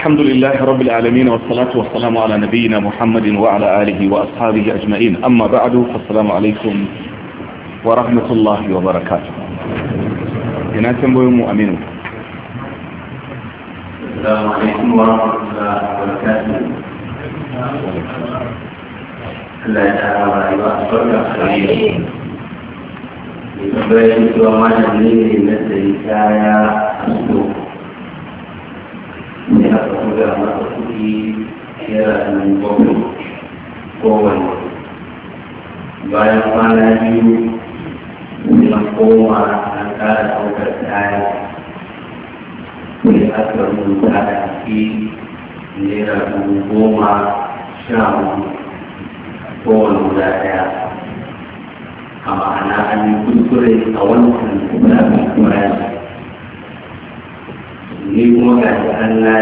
الحمد لله رب العالمين والصلاة والسلام على نبينا محمد وعلى آله وأصحابه أجمعين أما بعد فالسلام عليكم ورحمة الله وبركاته ina tambayoyin مؤمنون السلام عليكم ورحمة الله وبركاته الله farka a rayuwa. da masa kuɗi yana dubu kowane bayan kwana biyu na koma an kara ɗaukar kaya sai aka rubuta da ke naira dubu goma sha hudu kowane guda ɗaya a ma'ana an yi kuskure a wannan kuɗaɗen bayan ni kuma ga shi an na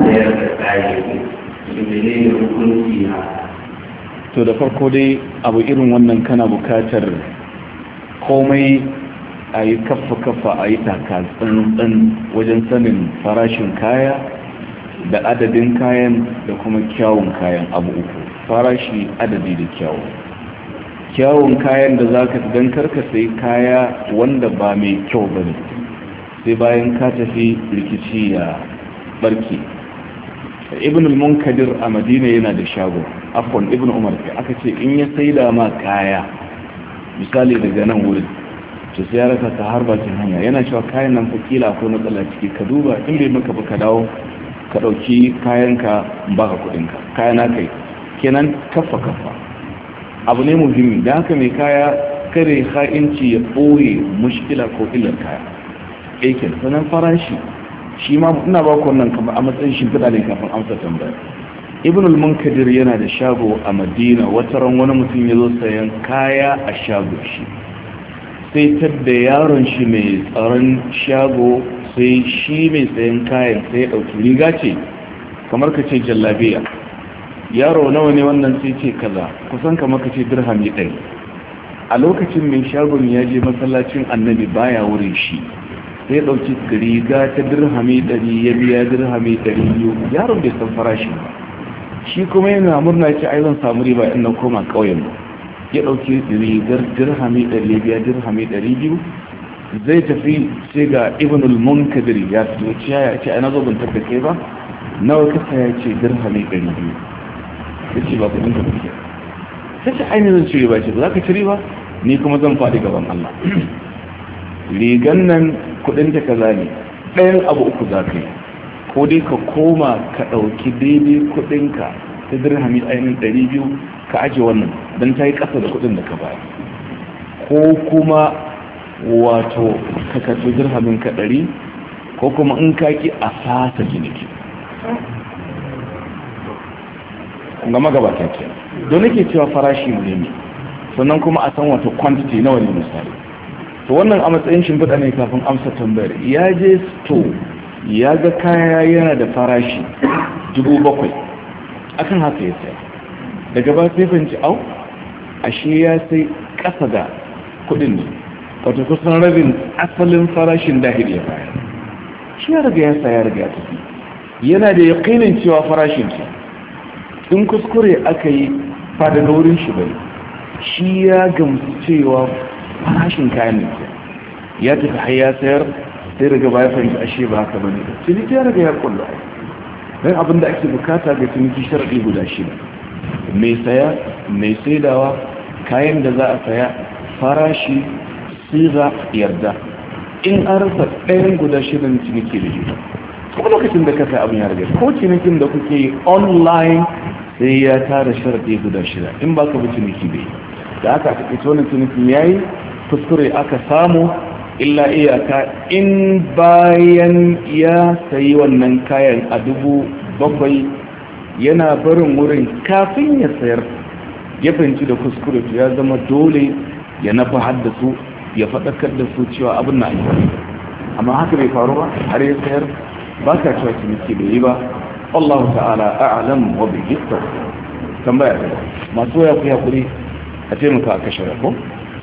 sayar da kayayyaki ne hukunci na to da farko dai abu irin wannan kana bukatar komai a yi kafa kafa a yi taka tsantsan wajen sanin farashin kaya da adadin kayan da kuma kyawun kayan abu uku farashi adadi da kyawun kyawun kayan da za ka don ka sai kaya wanda ba mai kyau ba ne sai bayan ka tafi rikici ya barki ibn al-munkadir a madina yana da shago afwan ibn umar sai aka ce in ya saida ma kaya misali daga nan wurin to sai ya rasa ta har bakin hanya yana cewa kayan nan fakila ko matsala ciki ka duba in bai maka ba ka dawo ka dauki kayanka baka kaya na kai kenan kafa kafa abu ne muhimmi da haka mai kaya kare ha'inci ya ɓoye mushkila ko illar kaya aikin sanan farashi shi ma ina ba ku wannan kamar a matsayin shimfiɗa ne kafin amsa tambaya ibn al-munkadir yana da shago a madina wata ran wani mutum ya zo sayan kaya a shago shi sai tadda yaron shi mai tsaron shago sai shi mai sayan kayan sai ya ɗauki riga ce kamar ka ce jallabiya yaro nawa ne wannan sai ce kaza kusan kamar ka ce dirham ya ɗari a lokacin mai shagon ya je masallacin annabi baya wurin shi sai dauki riga ta dirhami dari ya biya dirhami dari biyu yaron bai san farashi ba shi kuma yana murna ce ai zan samu riba in na koma ƙauyen ba ya riga rigar dirhami dari ya biya dirhami dari biyu zai tafi sai ga ibn al-munkadir ya fito ciya ya ce ana zo ban tabbace ba nawa kasa ya ce dirhami dari biyu ya ce ba kuɗin ka kuke sai ce ainihin zan ci riba ce ba za ka ci riba ni kuma zan faɗi gaban allah rigan nan kudin ta kaza ne ɗayan abu uku za ka yi ko dai ka koma ka ɗauki daidai ka ta dirhami ainihin ɗari biyu ka ajiye wannan don ta yi ƙasa da kudin da ka bayar ko kuma wato ka karɓi dirhamin ka ɗari ko kuma in ka ki a fasa jiniki ga magabata ke don nake cewa farashi ne sannan kuma a san wata kwantiti nawa ne misali to wannan a matsayin shimfiɗa ne kafin amsa tambayar ya je to ya ga kaya yana da farashi dubu bakwai akan haka ya sai daga ba sai fahimci au ashe ya sai ƙasa da kuɗin ne wato kusan rabin asalin farashin dahil ya bayar shi ya riga ya sa ya riga ya tafi yana da yaƙinin cewa farashin ki. in kuskure aka yi fa daga wurin shi bai shi ya gamsu cewa farashin kayan ne ya tafi ya sayar sai daga baya fahimta ashe ba haka bane ciniki ya riga ya kullu dan ake bukata ga ciniki sharadi guda shida mai saya mai saidawa kayan da za a saya farashi siga yarda in an rasa ɗayan guda shirin ciniki da shi kuma lokacin da ka kasa abin ya riga ko cinikin da kuke yi online sai ya tara sharaɗi guda shida in ba ka bi ciniki bai da aka aka ita cinikin ya yi kuskure aka samu illa iyaka in bayan ya sayi wannan kayan a dubu bakwai yana barin wurin kafin ya sayar ya fahimci da kuskure ya zama dole ya nafa haddasu ya faɗakar da su cewa abin na aiki amma haka bai faru ba har ya sayar ba ka cewa ciniki bai yi ba Allah ta'ala a'alam wa bi gifta tambaya masu waya ku hakuri a taimaka a kashe ko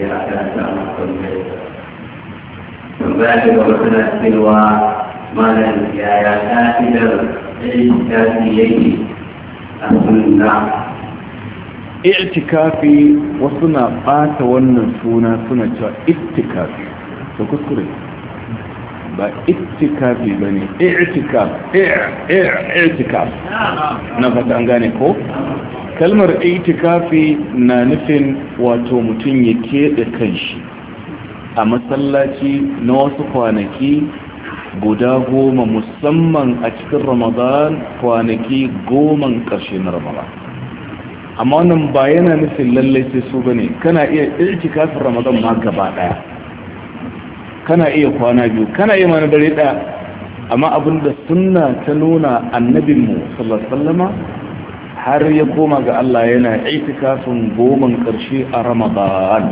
ya karanta a matsayin malam a wasu na bata wannan suna suna cewa itikafi to kuskure ba itikafi ba ne itikaf na fata an gane ko kalmar itikafi na nufin wato mutum ya keɓe kanshi a masallaci na wasu kwanaki guda goma musamman a cikin ramadan kwanaki goman ƙarshe na ramadan amma wannan ba yana nufin lallai sai su bane kana iya itikafin ramadan ma gaba ɗaya kana iya kwana biyu kana iya mana dare ɗaya amma abinda sunna ta nuna annabinmu sallallahu alaihi wasallama har ya koma ga Allah yana itikafin goman ƙarshe a Ramadan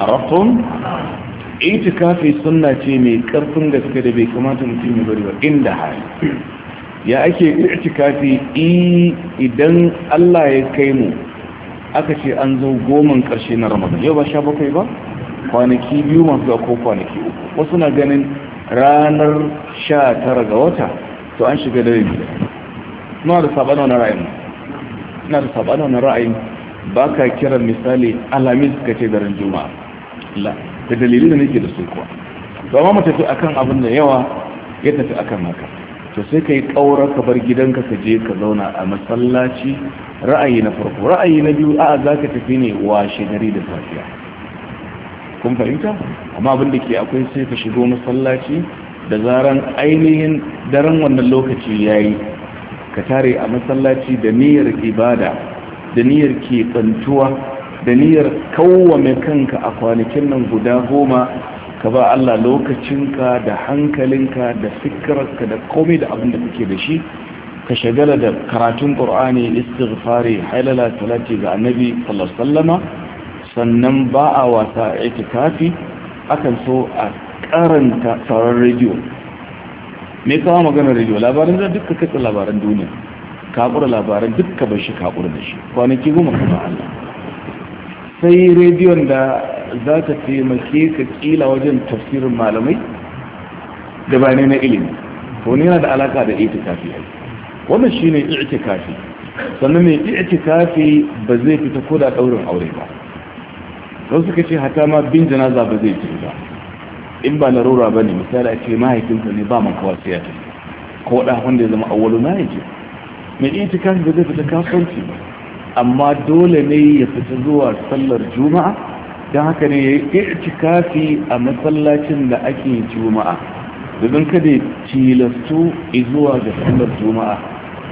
a rafton itikafi sunna ce mai ƙarfin gaske da bai kamata mutum ya bari ba inda hali ya ake itikafi idan Allah ya kai mu aka ce an zo goman ƙarshe na Ramadan yau ba sha bakwai ba kwanaki biyu masu ko kwanaki uku wasu na ganin ranar sha tara ga wata to an shiga dare ne. Nuna da sabon wani ra'ayin na da saba da ra'ayi ba ka kiran misali alamis ka ce daren juma'a da dalilin da nake da su kuwa ba ma matafi akan abin da yawa ya tafi akan haka to sai ka yi ƙaura ka bar gidanka ka je ka zauna a masallaci ra'ayi na farko ra'ayi na biyu a'a za ka tafi ne washe gari da safiya kun fahimta amma abin da ke akwai sai ka shigo masallaci da zaran ainihin daren wannan lokaci ya yi ka tare a masallaci da niyyar ibada da niyyar keɓantuwa da niyyar kawwame kanka a kwanakin nan guda goma ka ba Allah lokacinka da hankalinka da fikirarka da komai da abin da kake da shi ka shagala da karatun ƙur'ani istighfari halala talati ga annabi sallallahu sannan ba a wasa itikafi akan so a karanta sauran rediyo me kawo maganar rediyo labaran da duka katsa labaran duniya kakura labaran duka bai shi kakura da shi kwanaki goma kuma Allah sai rediyon da za ta taimake ka kila wajen tafsirin malamai da ne na ilimi to ne yana da alaka da ita kafi wannan shine ita kafi sannan mai ita kafi ba zai fita ko da daurin aure ba wasu suka ce hata ma bin janaza ba zai fita in ba larura ba ne misali a ce mahaifinka ne ba makawa wasu ya tafi ko da wanda ya zama awwalu na yake mai iya ta kashi da zai fita kasuwanci amma dole ne ya fita zuwa sallar juma'a don haka ne ya yi kafi a masallacin da ake juma'a domin kada ya tilastu zuwa ga sallar juma'a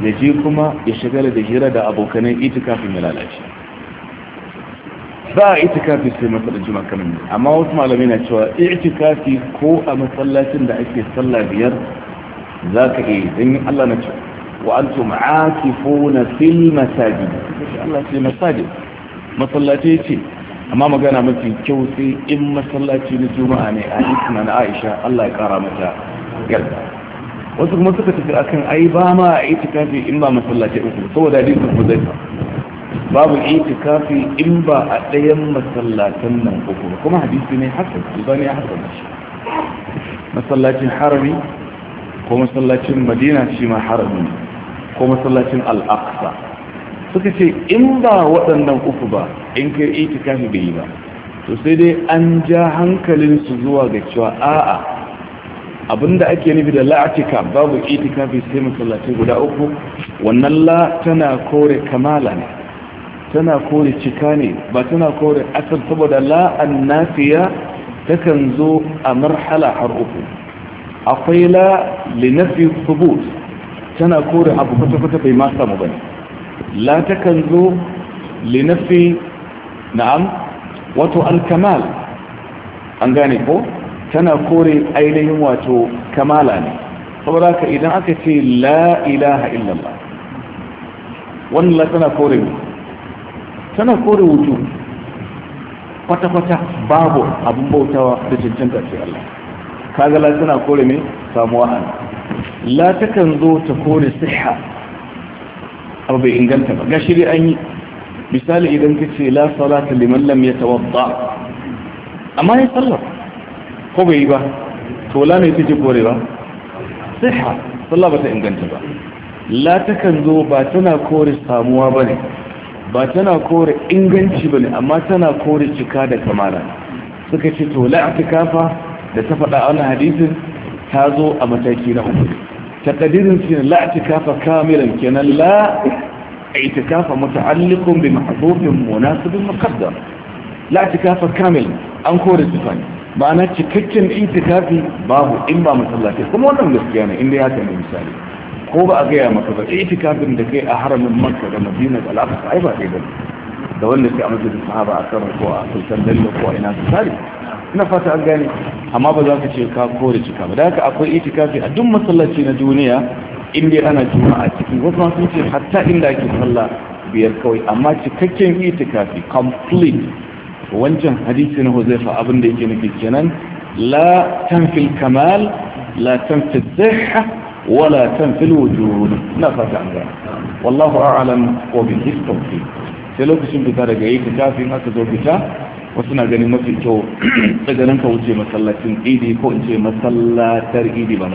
ya je kuma ya shagala da hira da abokanan kafin ya lalace ba a itikafi sai matsalar juma'a kamar ne amma wasu malamai na cewa itikafi ko a masallacin da ake sallah biyar za ka iya don Allah na cewa wa an tu ma'akifuna fil masajid Allah sai masajid masallaci ce amma magana mafi kyau sai in masallaci na juma'a ne a isna na Aisha Allah ya kara mata yarda wasu kuma suka tafi akan ai ba ma a itikafi in ba masallaci uku saboda hadisin Hudayfa babu itikafi in ba a ɗayan masallatan nan uku kuma hadisi ne hasan ne haka hasan shi masallacin harami ko masallacin madina shi ma harami ko masallacin al'aqsa. suka ce in ba waɗannan uku ba in kai itikafi bai yi ba to sai dai an ja hankalin su zuwa ga cewa a'a abinda ake nufi da la'atika babu itikafi sai masallaci guda uku wannan la tana kore kamala ne tana kore cika ne ba tana kore asal saboda la'an nafiya takan zo a marhala har uku akwai la linafi subut tana kore abu kwata-kwata bai ma samu bane la ta takan zo linafi na'am wato alkamal an gane ko tana kore ainihin wato kamala ne saboda ka idan aka ce la ilaha illallah wannan la tana kore ne tana kore wuto kwata-kwata babu abin bautawa da cancanta ce Allah kaga la tana kore ne samuwa an la kan zo ta kore siha abu bai inganta ba ga shirya an yi misali idan ka ce la salata liman lam tawadda amma ya sallar ko bai yi ba to la mai take kore ba siha sallah ba ta inganta ba la kan zo ba tana kore samuwa ba ne ba tana kore inganci ba ne amma tana kore cika da kamala suka ce to la'atikafa da ta faɗa a wannan hadisin ta zo a mataki na uku taqdirin shi la'atikafa kamilan kenan la itikafa muta'alliqun bi mahdhufin munasibin muqaddar la'atikafa kamil an kore su sifani ma'ana cikakken itikafi babu in ba masallaci kuma wannan gaskiya ne inda ya ta misali ko ba a gaya maka ba itikafin da kai a haramin makka da madina da al'aqsa ai ba dai bane da wanda ke a masjidin sahaba a kan ko a sultan dallo ko a ina su ina fata an gane amma ba za ka ce ka kore cika ba da haka akwai itikafi a duk masallaci na duniya in ana ana a ciki wasu masu ce hatta inda ake sallah biyar kawai amma cikakken itikafi complete wancan hadisi na huzaifa abin da yake nufi kenan la tanfil kamal la tanfil sihha ولا تنفي الوجود نفت عنها والله أعلم وبه التوفيق سيلوك سنبتا رجعي كتافي ما تزور كتاف وسنا جاني ما في تو تجانن كوجي مسلاتين ايدي كو انجي مسلاتر ايدي با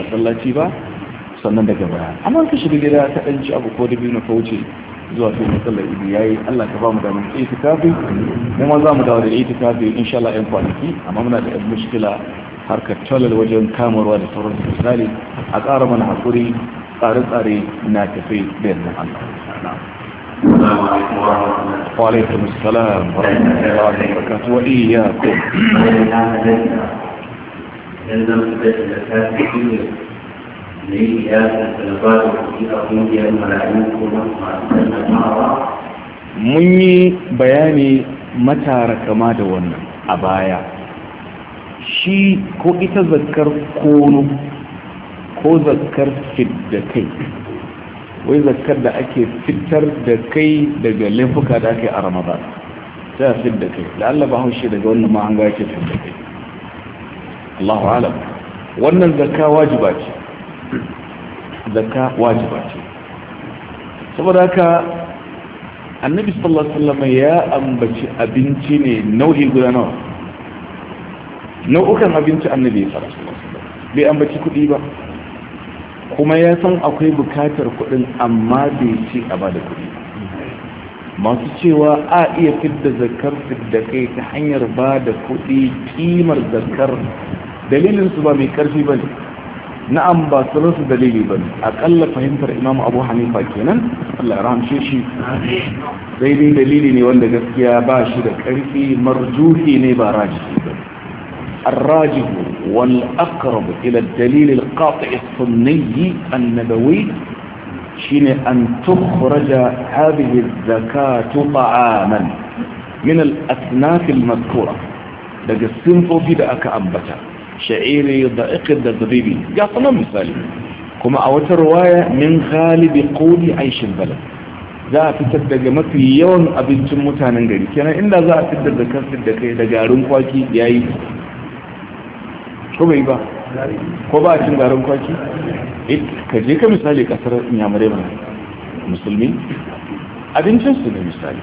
با sannan daga baya amma kashi shiga gida ta ɗanci abu ko da biyu na kauce zuwa sai matsalar ibi ya yi allah ka ba mu damar itikafi kuma za mu dawo da itikafi insha Allah yan kwanaki amma muna da yan harkar talar wajen kamarwa da sauran misali a ƙara mana haƙuri tsare-tsare na tafi da yanzu Allah وعليكم السلام ورحمة الله وبركاته وإياكم mun yi bayani matara kama da wannan a baya shi ko ita zakar kono ko zakar fidda kai wai zakar da ake fitar da kai daga laifuka da ake a ramadan sai a fidda kai da allah ba haushe daga wannan mahanga yake fidda kai allahu alam wannan zakka wajiba ce zakka wajiba ce saboda haka annabi sallallahu alaihi wasallam ya ambaci abinci ne nau'i guda nawa nau'ukan abinci annabi ya fara bai ambaci kuɗi ba kuma ya san akwai bukatar kuɗin amma bai ce a ba da kuɗi masu cewa a iya fidda zakar fidda kai ta hanyar ba da kuɗi kimar zakar dalilinsu ba mai ƙarfi ba ne na'am ba su dalili ba akalla fahimtar Imam abu hanifa kenan allah rahamshe shi daidai dalili ne wanda gaskiya ba shi da ƙarfi marjuhi ne ba raji ba الراجح والأقرب إلى الدليل القاطع السني النبوي شين أن تخرج هذه الزكاة طعاما من الأثناف المذكورة لقد السنفو في دأك أبتا شعيري ضائق الدبيبي قاطنا مثالي كما أوت الرواية من غالب قول عيش البلد za a fitar daga mafi yawan abincin mutanen gari kenan inda za a fitar da kan fitar da kai da garin kwaki yayi ko bai ba ko ba a cin garin kwaki eh, ka je ka misali kasar inyamurai mana musulmi abincinsu ne misali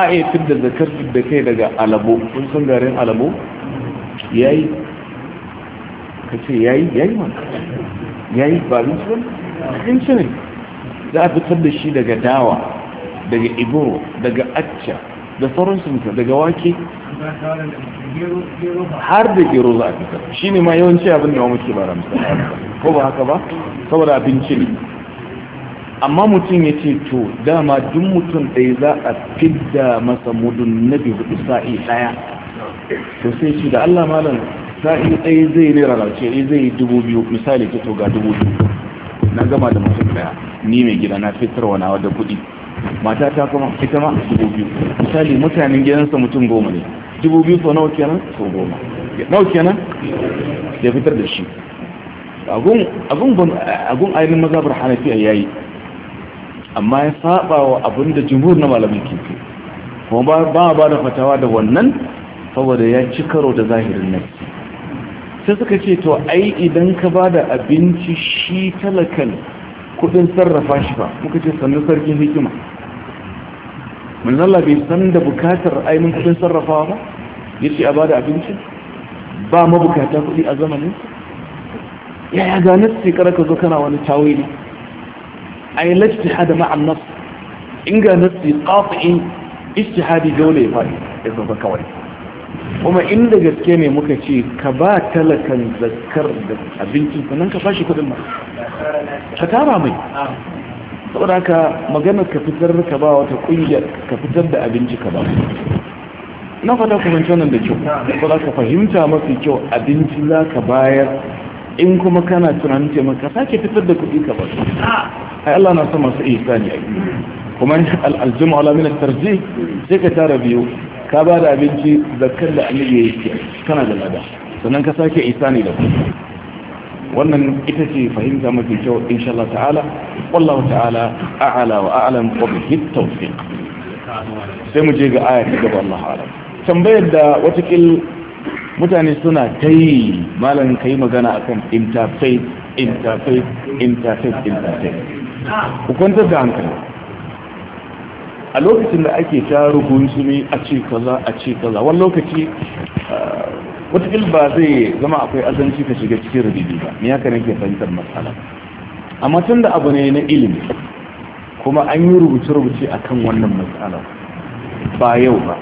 a yi eh, fit da zakar da kai daga alabo kun san garin alabo ya yi ka ce ya yi ya yi ma ya yi ba abinci ba ne za a fitar da shi daga dawa daga igbo, daga acca da sauransu daga wake har da gero za a fitar shi ne ma yawanci abin da muke ba ramsa ko ba haka ba saboda abinci ne amma mutum ya ce to dama duk mutum ɗaya za a fidda masa mudun na biyu sa'i ɗaya to sai shi da allah malam sa'i ɗaya zai ne rarrace ɗaya zai yi dubu biyu misali ta toga dubu biyu na gama da mutum ɗaya ni mai gida na fitarwa nawa da kuɗi mata ta kuma ita ma dubu biyu misali mutanen gidansa mutum goma ne dubu biyu sau nawa kenan sau goma nawa kenan ya fitar da shi agun ainihin mazabar hanafiya ya yi amma ya saba wa abin da jimhur na malamin kifi kuma ba ba da fatawa da wannan saboda ya ci karo da zahirin nan sai suka ce to ai idan ka ba da abinci shi talakan kudin sarrafa shi ba muka ce sannu sarkin hikima zalla bai san da bukatar ainihin kudin sarrafawa ba ya ce a ba da abinci ba mabukata kudi a zamanin yaya ganar shekara ka zo kana wani tawili a yi lajti hada ma'an nasu in ganar su ƙafi'in istihadi dole ya faɗi ya zaba kawai kuma inda gaske ne muka ce ka ba talakan zakar da abincin sannan ka fashi kudin ma ka tara mai saboda haka maganar ka fitar ka ba wata kungiyar ka fitar da abinci ka ba na fata kuma fahimci nan da kyau za ka fahimta mafi kyau abinci za ka bayar in kuma kana tunanin taimaka sake fitar da kuɗi ka ba ai Allah na son masu ihsani ai kuma al-aljumu ala min at-tarjih sai ka tara biyu ka ba da abinci zakkar da annabi yake kana da lada sannan ka sake ihsani da kuɗi wannan ita ce fahimta mafi kyau insha Allah ta'ala wallahu ta'ala a'ala wa a'lam wa bihi tawfiq sai mu je ga aya ta gaba Allah ta'ala tambayar da kil mutane suna ta yi malam kai magana akan interfaith interfaith interfaith interfaith ku kwantar da hankali a lokacin da ake ta ruhun sumi a ce kaza a ce kaza wani lokaci wataƙil ba zai zama akwai azanci ka shiga cikin rubutu ba ni haka nake fahimtar matsala amma tun da abu ne na ilimi kuma an yi rubuce-rubuce a kan wannan matsala ba yau ba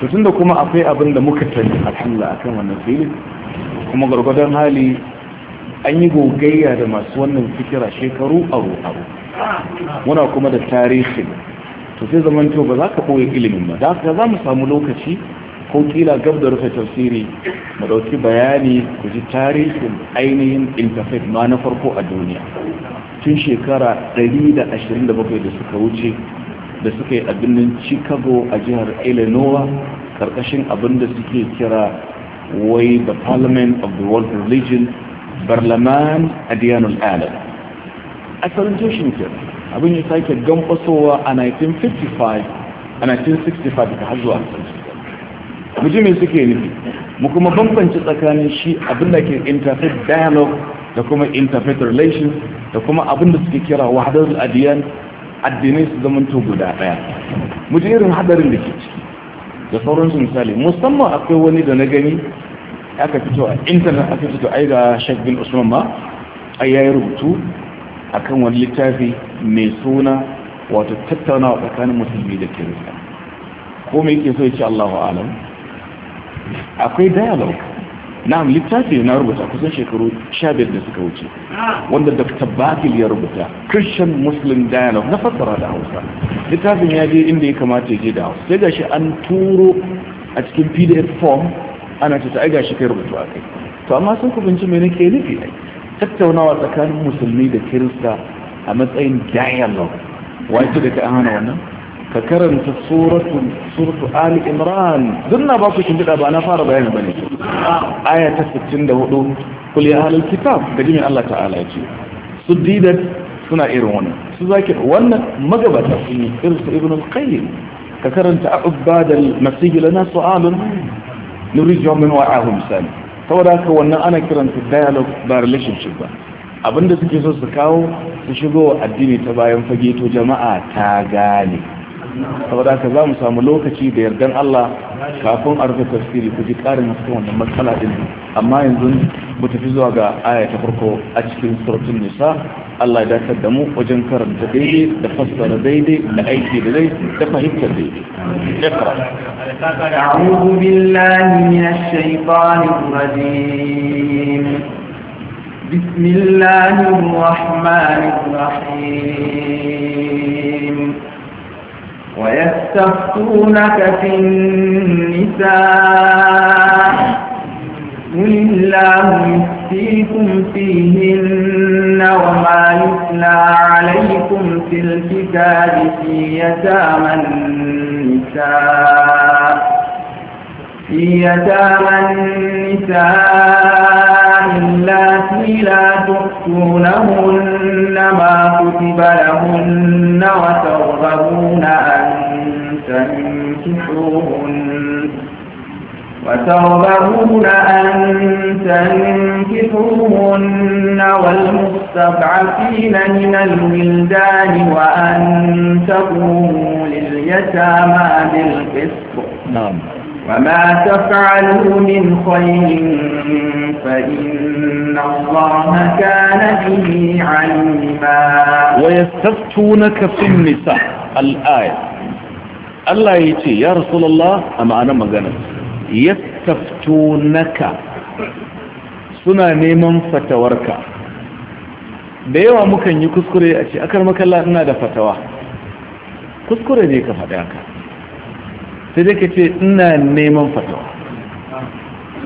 to tun da kuma akwai abin da muka a alhamdulillah a kan wannan filin kuma gargadon hali an yi gogayya da masu wannan fikira shekaru a aro muna kuma da tarihin to sai zaman to ba za ka koyi ilimin ba da za mu samu lokaci ko kila gab da rufe tafsiri mu ɗauki bayani ku ji tarihin ainihin interfaith ma na farko a duniya tun shekara 127 da suka wuce da suka yi a chicago a jihar illinois karkashin abin da suke kira wai the parliament of the world religion barlaman adiyanul alam asalin tushen kira abin ya sake gambasowa a 1955 a 1965 daga har zuwa mu ji me suke nufi mu kuma bambance tsakanin shi abin da ke interfaith dialogue da kuma interfaith relations da kuma abin da suke kira wahadar adiyan addinai su zamanta guda daya mu ji irin hadarin da ke ciki da sauransu misali musamman akwai wani da na gani aka fito a intanet aka fito ai ga Sheikh bin Usman ma ai yayi rubutu akan wani littafi mai suna wato tattaunawa tsakanin musulmi da kirista ko me yake so ya ci Allahu a'lam akwai dialogue na'am littafi na rubuta kusan shekaru 15 da suka wuce wanda dr bakil ya rubuta christian muslim dialogue na fassara da hausa littafin ya je inda ya kamata ya je da hausa sai shi an turo a cikin pdf form ana ce ta ai shi kai rubutu a kai to amma sun kubinci mai nake nufi ai tattaunawa tsakanin musulmi da kirista a matsayin dialogue wai da ta an hana wannan ka karanta suratul suratu ali imran duk na ba ku shimfiɗa ba na fara bayani bane aya ta 64 kul ya ahlul kitab da jimin Allah ta'ala ya ce su didat suna irin wannan su zaki wannan magabata sun yi irin su ibn al-qayyim ka karanta ubadal masih lana su'alun nurijuhum min wa'ahum sami saboda haka wannan ana kiranta dialogue ba relationship ba abinda suke so su kawo su shigo addini ta bayan fage to jama'a ta gane saboda haka za mu samu lokaci da yardan Allah kafin a rufe tafsiri ku ji ƙarin hasken wannan matsala din amma yanzu mu tafi zuwa ga aya ta farko a cikin suratul nisa Allah ya dakatar da mu wajen karanta daidai da fassara daidai da aiki da dai da fahimtar daidai ikra a'udhu billahi minash shaitanir rajim بسم الله الرحمن ويستخطونك في النساء قل الله يفتيكم فيهن وما يتلى عليكم في الكتاب في يتامى النساء يتامى النساء اللاتي لا تؤتونهن ما كتب لهن وترغبون أن تنكحوهن وترغبون أن تنكحوهن والمستضعفين من الولدان وأن تقوموا لليتامى بالقسط نعم وما تفعلوا من خير فإن الله كان به عليما ويستفتونك في النساء الآية الله يتي يا رسول الله أما أنا مغانا يستفتونك suna neman fatawarka da yawa mukan yi kuskure a ce akar makalla ina da fatawa kuskure ne ka faɗa ka sai dai ka ce ina neman fatawa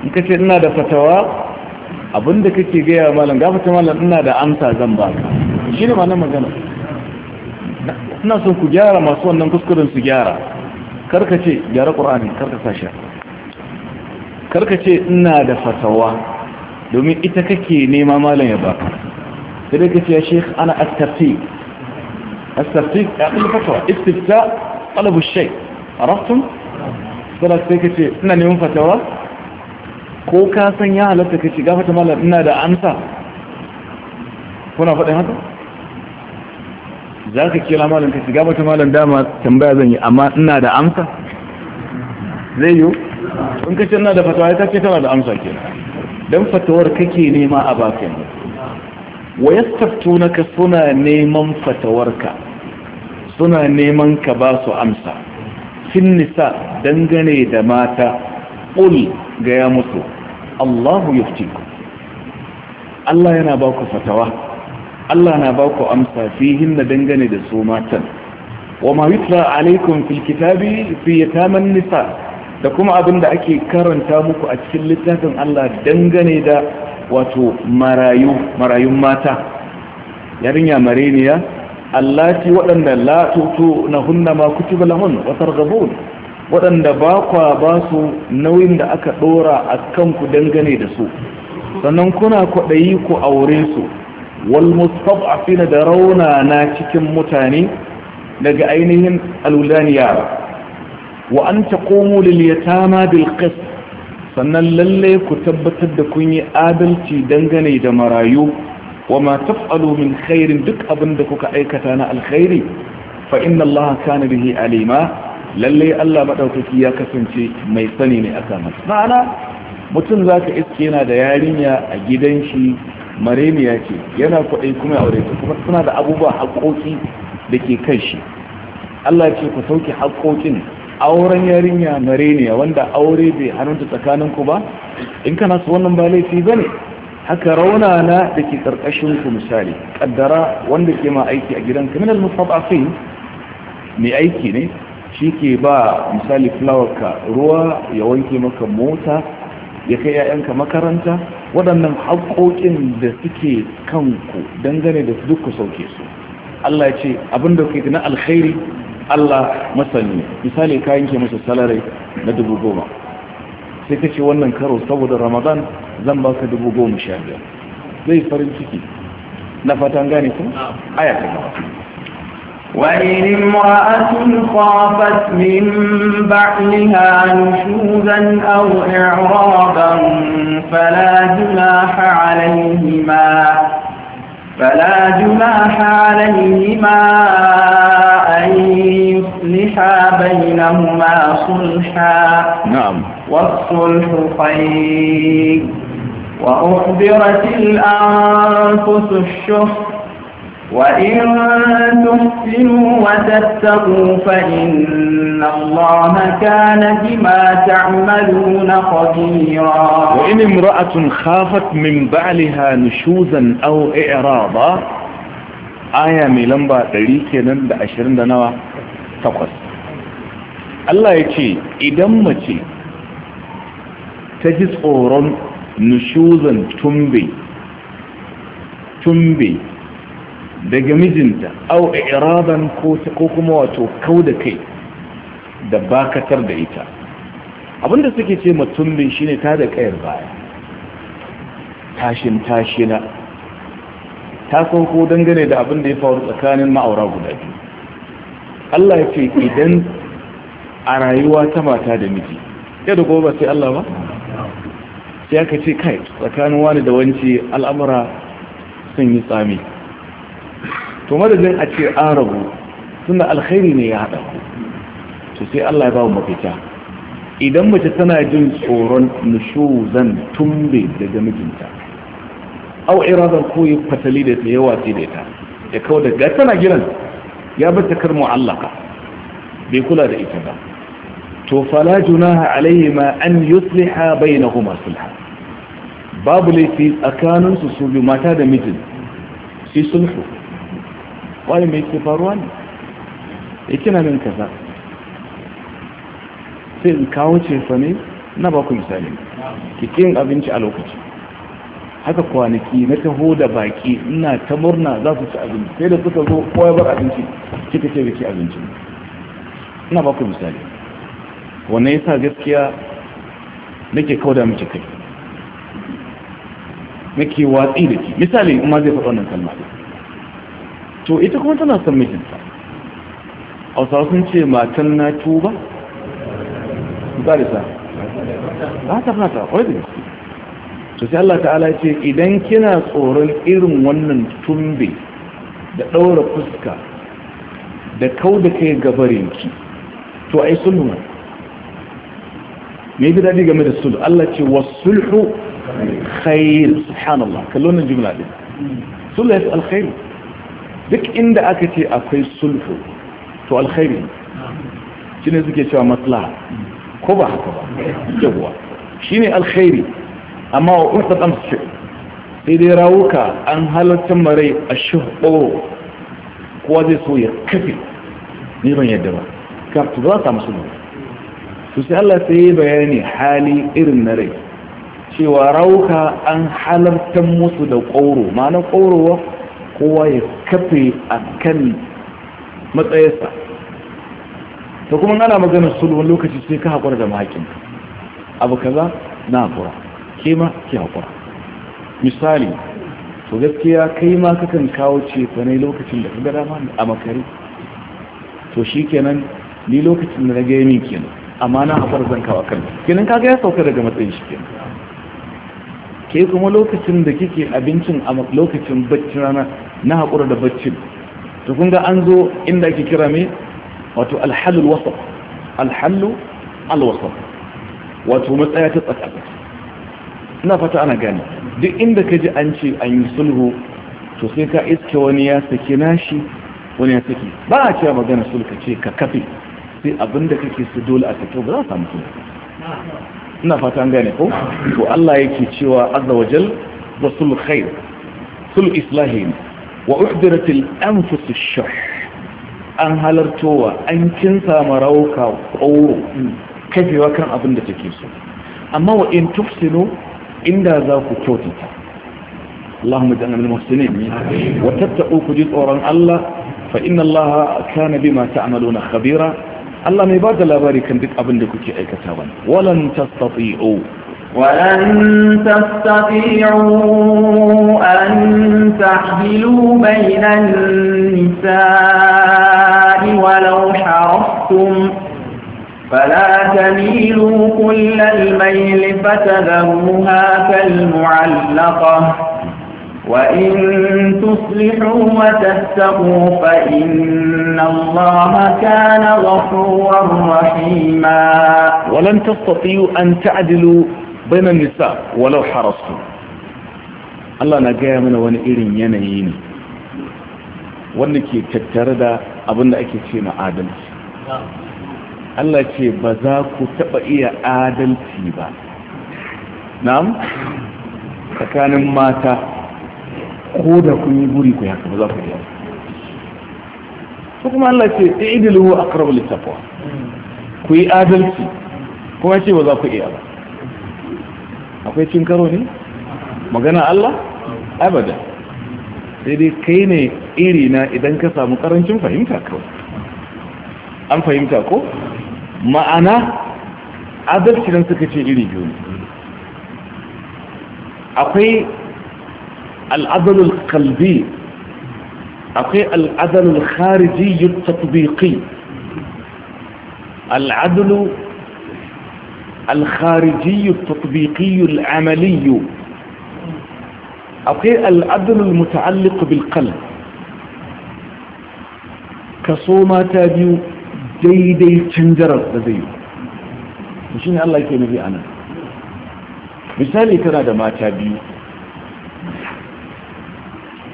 in ka ce ina da fatawa abinda kake gaya malam gafata malam ina da amsa zan ba ka shi ne malam magana ina son ku gyara masu wannan kuskuren su gyara karka ce gyara ƙur'ani karka sashe karka ce ina da fatawa domin ita kake nema malam ya ba ka sai dai kace ya sheikh ana astafi astafi ya kullu fatawa, istifta talabu arabtum sai sai kace ina neman fatawa ko ka san ya halatta kace fata mallam ina da amsa kuna faɗin haka za ka kira malam ka shiga mata malam dama tambaya zan yi amma ina da amsa zai yiwu in ka ce ina da fatawa ya ce tana da amsa ke don fatawar kake nema a bakin wa ka suna neman fatawarka suna neman ka ba su amsa fin nisa dangane da mata ƙul ga ya mutu Allahu yuftiku Allah yana ba ku fatawa Allah na ba ku amsa fihin na dangane da su matan wa ma yutla alaikum fil kitabi fi nisa da kuma abin da ake karanta muku a cikin littafin Allah dangane da wato marayu marayun mata yarinya mareniya allati waɗanda la tutu na hunna ma kutuba lahun wa targhabun waɗanda ba kwa ba su nauyin da aka ɗora a kanku dangane da su sannan kuna kwaɗayi ku aure su wal mustad'afina da rauna na cikin mutane daga ainihin alulan yara wa an taqumu lil yatama bil qist sannan lalle ku tabbatar da kun yi adalci dangane da marayu wa ma taf'alu min khairin duk abin da kuka aikata na alkhairi fa inna Allah kana bihi alima lalle Allah madaukaki ya kasance mai sani ne akan ma'ana mutum zaka iske yana da yarinya a gidan shi mareniya ce yana kwaɗai kuma aure ta kuma suna da abubuwa haƙoƙi da ke kan shi Allah ce ku sauke haƙoƙin auren yarinya mareniya wanda aure bai hannunta tsakaninku ba in kana su wannan ba laifi ba ne haka raunana da ke ƙarƙashin ku misali ƙaddara wanda ke ma aiki a gidan kamar al-mustadafin mai aiki ne shi ke ba misali fulawarka ruwa ya wanke maka mota ya kai 'ya'yanka makaranta waɗannan haƙoƙin da suke kan ku dangane da duk ku sauke su Allah ya ce abin da kai na alkhairi Allah masani misali ka yanke masa salari na dubu goma sai ka ce wannan karo saboda ramadan zan ba ka dubu goma sha biyar zai farin ciki na fatan gane ku aya ta gaba وإن امرأة خافت من بعلها نشوزا أو إعراضا فلا جناح عليهما فلا جناح عليهما أن يصلحا بينهما صلحا نعم والصلح خير وأخبرت الأنفس الشح وإن تحسنوا وتتقوا فإن الله كان بما تعملون خبيرا وإن امرأة خافت من بعلها نشوزا أو إعراضا آية ميلمبا تريكي نند أشرين دنوا تقص الله يتي إدمتي ta ji tsoron nushuzan tumbe tumbe daga mijinta au iradan ko kuma wato kau da kai da bakatar da ita abinda suke ce mutumin shine ta da kayar baya tashin tashina ta ko dangane da abin da ya faru tsakanin ma'aura guda biyu Allah ya ce idan a rayuwa ta mata da miji yadda gobe sai Allah ba sai aka ce kai tsakanin wani da wanci al'amura sun yi tsami to madadin a ce arabu suna alkhairi ne ya haɗa ku to sai allah ya ba mafita idan mace tana jin tsoron zan tumbe daga mijinta au irazan koyi fatali da ta yawa ce da ita ya kawo daga na gidan ya bata kar mu'allaka bai kula da ita ba to fala junaha ma an yusliha bainahuma sulha babu laifi tsakanin su su biyu mata da mijin shi sulhu wani mai ke faruwa ne ya kina min kaza sai in kawo cefa ne na baku misali ki kin abinci a lokaci haka kwanaki na taho da baki ina ta murna za su ci abinci sai da suka zo kowa bar abinci kika ce biki abinci ina baku misali wannan sa gaskiya nake kauda miki kai nake watsi da ki misali in ma zai faɗa wannan kalma to ita kuma tana son mijinta hausawa sun ce matan na tuba ba da sa ba ta fata wani da gaske to sai Allah ta'ala ce idan kina tsoron irin wannan tumbe da ɗaura fuska da kau da kai gabarinki to ai sulhu ne bi daɗi game da sulhu Allah ce wa sulhu khair subhanallah kallon nan jumla din sulhu yas alkhairu duk inda aka ce akwai sulhu to shi ne suke cewa maslaha ko ba haka ba shi shine alkhairu amma wa uhsat amsu sai dai rawuka an halarta marai a shuhɓo kowa zai so ya kafe ni ban yadda ba kafin za a samu sulhu to sai Allah sai ya bayani hali irin na rai cewa rauka an halartar musu da ƙoro ma'ana ƙorowa kowa ya kafe a kan matsayarsa ta kuma ana maganar sulhu lokaci sai ka haƙura da makin abu kaza na haƙura ke ma ke haƙura misali to gaskiya kai ma kakan kawo ce cefane lokacin da ka gada ma a makare to shi kenan ni lokacin da na gaya min kenan amana a farzanka zankawa kan ginin kaga ya sauka daga matsayin shi ke ke kuma lokacin da kike abincin a lokacin baccin rana na haƙura da baccin to kun ga an zo inda ake kira mai, wato alhalul wasaf alhallu alwasaf wato matsaya ta tsaka ina fata ana gani duk inda ka ji an ce an yi sulhu to sai ka iske wani ya saki nashi wani ya saki ba a cewa magana sulka ce ka kafe sai abinda kake su dole a tattau ba za a samu kuma ina fatan an gane ko to Allah yake cewa azza wa jal rasul khair sul islahi wa uhdirat al anfus ash an halartowa an kinsa marauka kauro kafewa kan abin da take so amma wa in tufsinu inda za ku kyautata Wa اجعلنا من ji tsoron Allah, الله فإن الله كان بما تعملون Khabira. Allah mai ba da labari kan duk abin da kuke aikata wani walan tastati'u ولن تستطيعوا أن تحملوا بين النساء ولو حرصتم فلا تميلوا كل الميل فتذروها كالمعلقة وإن تصلحوا وتتقوا فإن الله كان غفورا رحيما ولن تستطيعوا أن تعدلوا بين النساء ولو حرصتم Allah na gaya mana wani irin yanayi ne wanda ke tattare da abinda ake ce adalci Allah ce ba za ku taɓa iya adalci ba na'am tsakanin mata ko da kun yi buri ku haka ba za ku biya su kuma Allah ce idil huwa aqrabu taqwa ku yi adalci kuma ce ba za ku iya ba akwai cin karo ne magana Allah abada sai dai kai ne iri na idan ka samu karancin fahimta ko an fahimta ko ma'ana adalci dan suka ce iri biyu akwai الأذن القلبي أقي الأذن الخارجي التطبيقي العدل الخارجي التطبيقي العملي أقي العدل المتعلق بالقلب كصوما تابيو daidai canjarar da zai yi shi ne Allah ke nufi a nan misali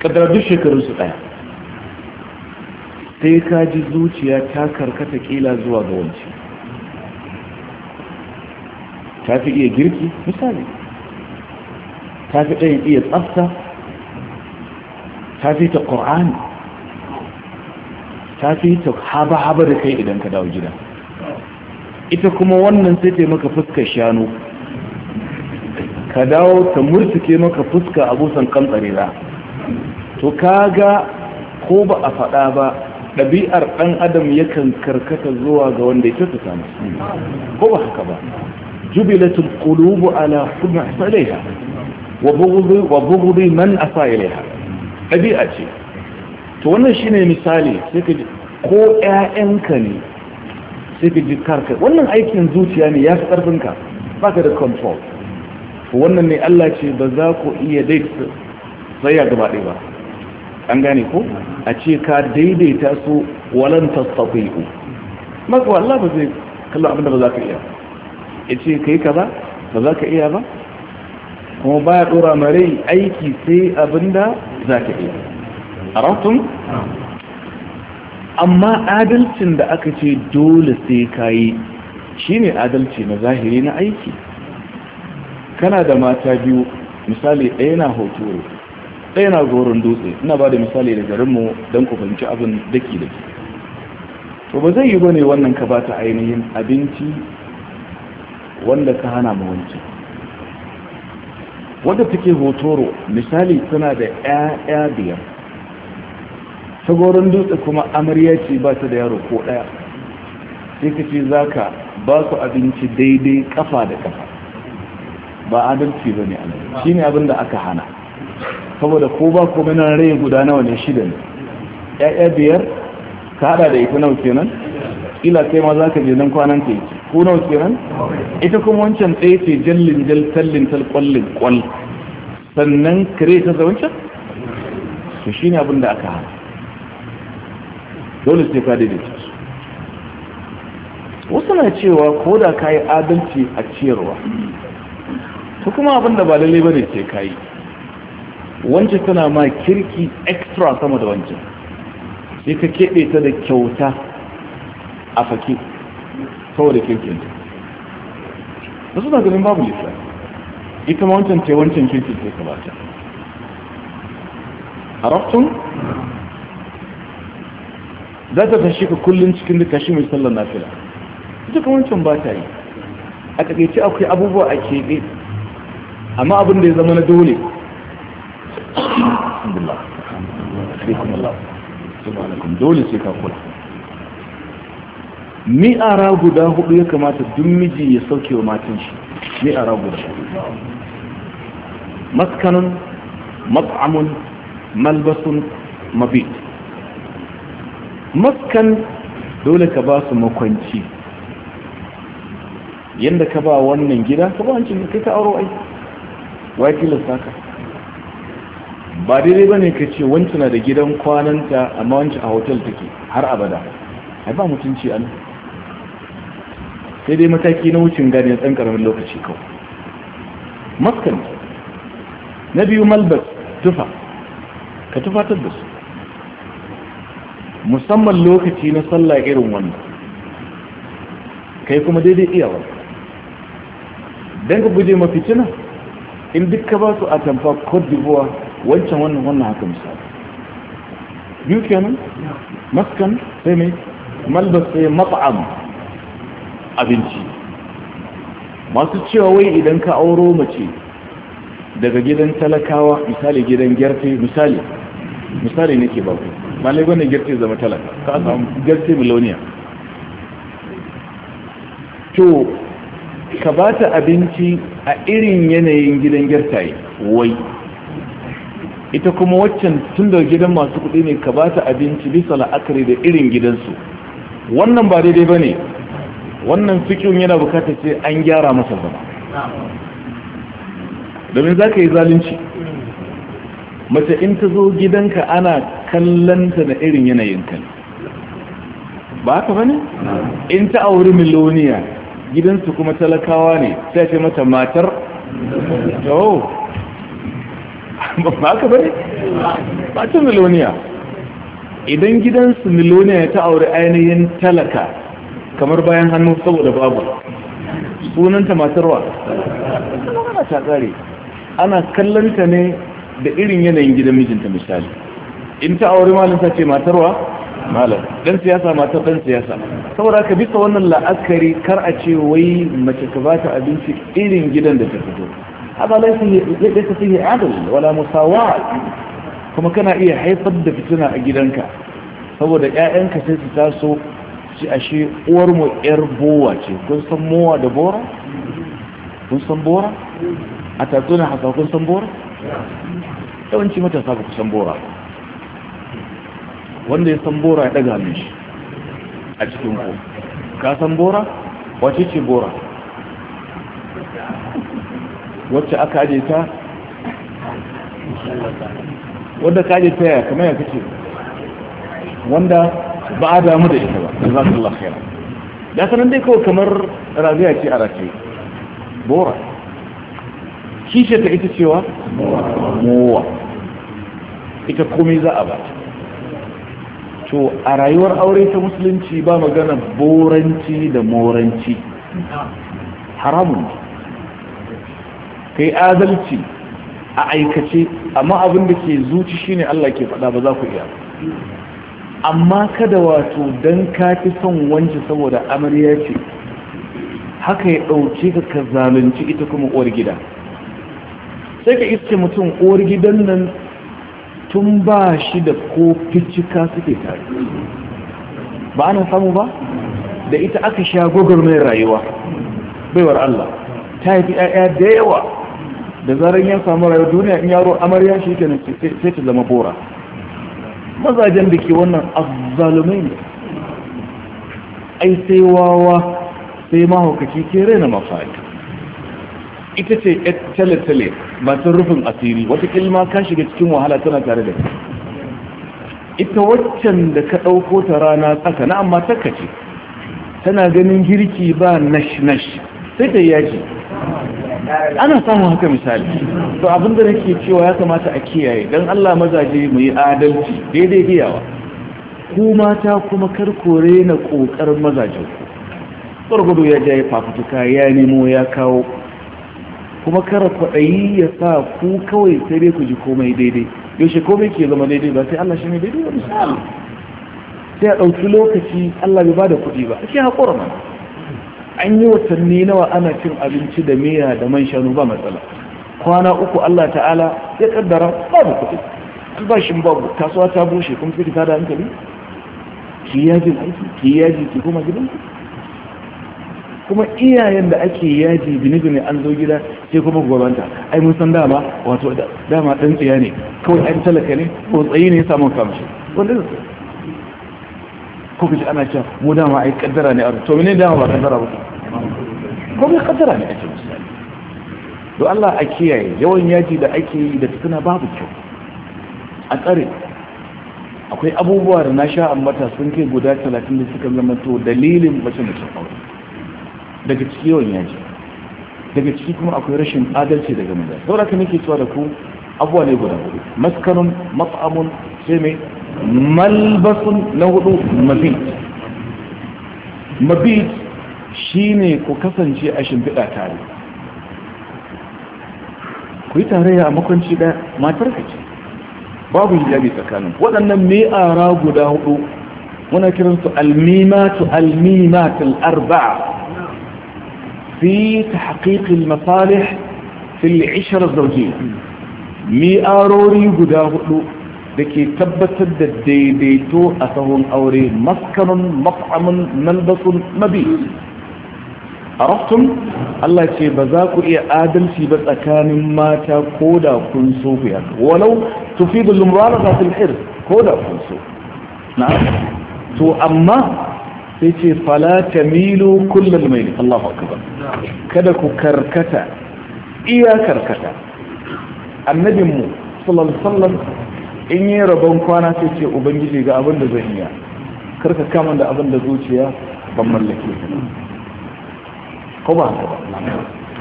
kaddara duk shekarun su ɗaya sai ka ji zuciya ta karkata kila zuwa ga wance ta fi iya girki misali ta fi ɗaya iya tsafta ta fi ta ƙor'ani ta fi ta haba-haba da kai idan ka dawo gida ita kuma wannan sai ta maka fuskar shanu ka dawo ta murtuke maka fuska a busan kan tsarira to kaga ko ba a faɗa ba ɗabi'ar ɗan adam yakan karkata zuwa ga wanda ya kyautata musu ko ba haka ba jubilatul qulubu ala kuma salaiha wa bughdi wa bughdi man asa ilaiha ɗabi'a ce to wannan shine misali sai ka ko ƴaƴanka ne sai ka ji karka wannan aikin zuciya ne ya fi ƙarfinka ba ka da control to wannan ne Allah ce ba za ku iya dai tsaya gaba ɗaya ba an gane ko a ce ka daidaita su walan tastati'u Masu wallahi ba zai kallon abinda ba za ka iya ya ce kai kaza ba za ka iya ba kuma ba ya dora mare aiki sai abinda za ka iya a rautun amma adalcin da aka ce dole sai ka yi shi ne adalci na zahiri na aiki kana da mata biyu misali ɗaya na hoturu ɗaya na goron dutse ina ba da misali da garinmu don ku fahimci abin daki da to ba zai yi ba ne wannan ka ba ta ainihin abinci wanda ka hana ma wanci wadda take hotoro misali suna da 'ya'ya biyar ta goron dutse kuma amarya ce ba ta da yaro ko ɗaya sai ka ce za ka ba su abinci daidai kafa da kafa ba adalci ba ne a shi ne abin da aka hana saboda ko ba ko mana rai guda nawa ne shida ne ya'ya biyar ka hada da ita nawa kenan ila kai ma za ka je nan kwanan ka yi ko nawa kenan ita kuma wancan tsaye ce jallin jal tallin tal kwallin kwal sannan kare ta za wancan to ne abin da aka hana dole sai ka daidaita wasu na cewa ko da ka yi adalci a ciyarwa to kuma abin da ba lalle ba ne ce ka yi wancan tana ma kirki extra sama da wancan sai ka keɓe ta da kyauta a fake saboda kirkin ta da suna ganin babu lissa ita ma wancan ce wancan kirkin ta kamata haraftun za ta tashi ka kullum cikin duka shi mai sallar fila ita ka wancan ba ta yi a ce akwai abubuwa a keɓe amma abin da ya zama na dole mi'ara guda hudu ya kamata dun miji ya sauke wa matan shi mi'ara guda maskanun mat'amun malbasun mabit maskan dole ka ba su makwanci yadda ka ba wannan gida ka ba wancin kai ka auro ai wai tilasta ka ba daidai ba ne ka ce wancan na da gidan kwananta amma wancan a hotel take har abada ai ba mutunci an sai dai mataki na wucin gani na tsan karamin lokaci kawai maskan na biyu malbas tufa ka tufatar da su musamman lokaci na sallah irin wannan kai kuma daidai iyawa don ka guje mafitina in duk ka ba su a tamfa cote d'ivoire wancan wannan wannan haka misali biyu kenan maskan sai mai malbas sai mat'am abinci masu cewa wai idan ka auro mace daga gidan talakawa misali gidan gerfe misali misali nake ba ku malai wannan gerfe zama talaka ka samu gerfe miloniya to ka ba ta abinci a irin yanayin gidan gertaye wai ita kuma waccan tun da gidan masu kuɗi ne ka ba ta abinci bisa la'akari da irin gidansu wannan ba daidai ba ne wannan fikin yana bukata ce an gyara masa zama domin za ka yi zalunci mace in ta zo gidanka ana kallanta na irin yanayin ba haka ba ne? in ta auri miloniya gidansu kuma talakawa ne sai ce mata matar oh! ba haka bane ba ta miloniya idan gidansu miloniya ta aure ainihin talaka kamar bayan hannu saboda babu sunanta matarwa ana ta kare ana kallanta ne da irin yanayin gidan mijinta misali in ta aure malinta ce matarwa malam dan siyasa matar dan siyasa saboda ka bisa wannan la'akari kar a ce wai mace ka bata abinci irin gidan da ta fito هذا ليس ليس فيه عدل ولا مساواة kuma kana iya haifar da fitina a gidanka saboda ƴaƴanka sai su taso shi ashe uwar mu 'yar bowa ce kun san mowa da bora kun san bora a tatsuna haka kun san bora yawanci matasa ba ku san bora wanda ya san bora ya daga min shi a cikin ku ka san bora wace ce bora wacce aka aje ta wadda ka aje ta yaya kamar ya kace wanda ba a damu da ita ba za Allah khaira da sanan dai kawai kamar rabiya ce a rake bora kishe ta ita cewa mowa ita komai za a ba to a rayuwar aure ta musulunci ba magana boranci da moranci haramun ne kai adalci a aikace amma abin da ke zuci shine Allah ke faɗa ba za ku iya amma kada wato dan ka fi son wance saboda amarya ce haka ya ɗauke ka ka zalunci ita kuma uwar gida sai ka iske mutum uwar gidan nan tun ba shi da ko ficika suke tare ba ana samu ba da ita aka sha gogar mai rayuwa baiwar Allah ta haifi 'ya'ya da yawa da zarar yan samu rayu duniya in yaro amarya shi ke sai ta zama bora mazajen da ke wannan azalumai ne ai sai wawa sai mahaukaci ke raina mafaɗi ita ce tale-tale masu rufin asiri wata kilma kan shiga cikin wahala tana tare da ita waccan da ka ɗauko ta rana tsaka na amma taka ce tana ganin girki ba nash-nash sai ta yaji ana samun haka misali to abin da nake cewa ya kamata a kiyaye don Allah mazaje mu yi adalci daidai iyawa ku mata kuma kar ku na kokarin mazajen ku ya jaye fafutuka ya nemo ya kawo kuma kara kwaɗayi ya sa ku kawai sai dai ku ji komai daidai yaushe komai ke zama daidai ba sai Allah shi ne daidai ba sai a ɗauki lokaci Allah bai bada da kuɗi ba ake haƙura mana an yi watanni nawa ana cin abinci da miya da man shanu ba matsala kwana uku Allah ta'ala ya kaddara babu kuɗi albashin babu kasuwa ta bushe kuma sai ta da hankali ki yajin aiki ki yaji ki kuma gidan kuma iyayen da ake yaji bini-bini an zo gida sai kuma gwabanta ai mun san dama wato dama ɗan tsiya ne kawai an talaka ne ko tsayi ne samun kamshi wanda zai ko kaji ana cewa mu dama ai kaddara ne a to ne dama ba kaddara ba gwamnati kaddara ne ake misali don Allah a kiyaye yawan yaji da ake yi da tukuna babu kyau a tsare akwai abubuwa da na sha ambata sun kai guda talatin da suka zama to dalilin mace mace aure daga ciki yawan yaji daga ciki kuma akwai rashin adalci daga maza saboda ka nake cewa da ku abuwa ne guda hudu maskarun mat'amun sai mai malbasun na hudu mabit mabit shine ku kasance a shimfiɗa tare ku yi tarayya a makonci ɗaya matar ka ce babu hijabi tsakanin waɗannan mai'ara guda hudu muna kiran su almimatu almimatul arba fi ta haƙiƙin masali fil ishar zauje mai'arori guda huɗu da ke tabbatar da daidaito a sahun aure maskanin maf'amin nalbasun mabi araftum Allah ce ba za ku iya adalci ba tsakanin mata ko da kun so ku ya walau tufidu lumrara fil hir ko da kun so na to amma sai ce fala tamilu kullal mail Allahu akbar kada ku karkata iya karkata annabin mu sallallahu alaihi wasallam in yi rabon kwana sai ce ubangiji ga abin da zan iya karka kama da abin da zuciya ban mallake ka ko ba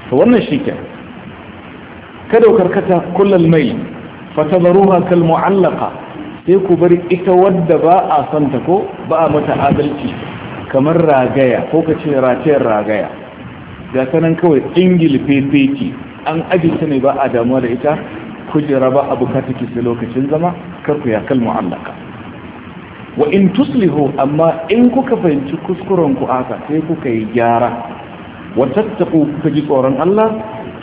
to wannan shi ke kada ku karkata kullal mai fatadaruha kal mu'allaqa sai ku bari ita wadda ba a santa ko ba a mata adalci kamar ragaya ko ka ce ratayar ragaya ga sanan kawai ingil fefeti an ajinta ne ba a damuwa da ita kujera ba a bukata sai lokacin zama ku ya kal mu'allaka wa in tuslihu amma in kuka fahimci kuskuren ku aka sai kuka yi gyara wa tattaku kuka ji tsoron Allah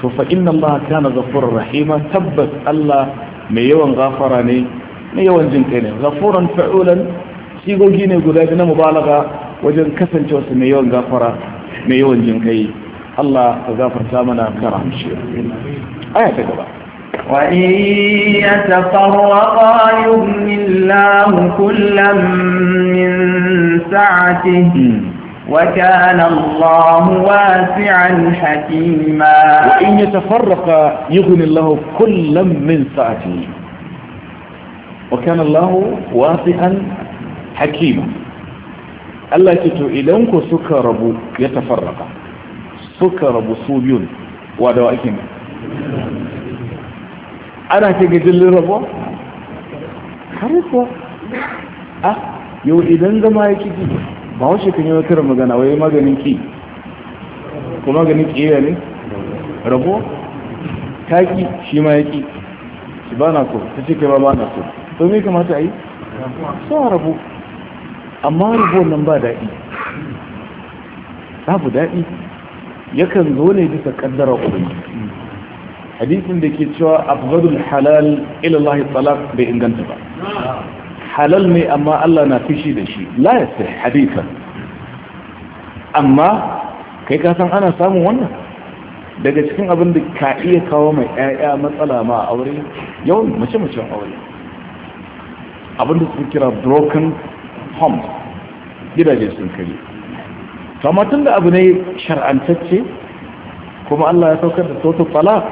to fa inna Allah kana ghafurur rahima tabbas Allah mai yawan gafara ne mai yawan jin kai ne zafuran fa'ulan sigogi ne guda biyu na mubalaga wajen kasancewa su mai yawan gafara mai yawan jin kai Allah ka gafarta mana kara shi aya ta gaba وإن يتفرقا يغني الله min من سعته وكان الله واسعا حكيما وإن يتفرق يغني الله كل من سعته وكان الله واسعا حكيما الله كتو إلنك سكرب يتفرق سكرب صوبيون ودوائكما أنا تجدل للربو حرفو أه يو إذن زمائك جديد ba wasu kan yi wata magana wai maganin ki ko maganin ki ya ne rabo ta ki shi ma ya ki shi ba na so ta ce kai ba ba na so to me kamata a yi so a rabo amma rabo nan ba daɗi babu daɗi yakan zo ne bisa kaddara ubangiji hadisin da ke cewa afghadul halal ilallahi salat bai inganta ba halal ne amma Allah na fushi da shi la ya sai hadisa amma kai ka san ana samun wannan daga cikin abin da ka iya kawo mai ƴaƴa matsala ma a aure yawan mace mace aure abin da suka kira broken home gidaje sun kare amma tun abu ne shar'antacce kuma Allah ya saukar da sautu talaq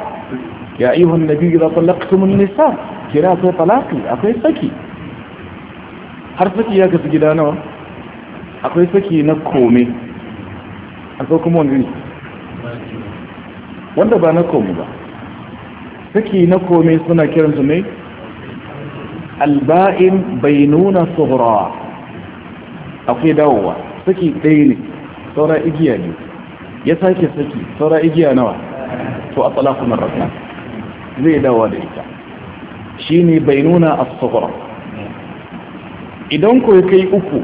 ya ayyuhan nabiyyu idza talaqtumun nisa kira sautu talaqi akwai saki har saki ya kasu gida nawa akwai saki na kome akwai kuma wani wanda ba na kome ba saki na kome suna kiransu ne alba'in bai nuna tsohurawa akwai dawowa saki ɗaya ne saura igiya ne ya sake saki saura igiya nawa to a tsala tsalakunan rasa zai dawowa da ita shi ne bai nuna a tsohurawa idan ku kai uku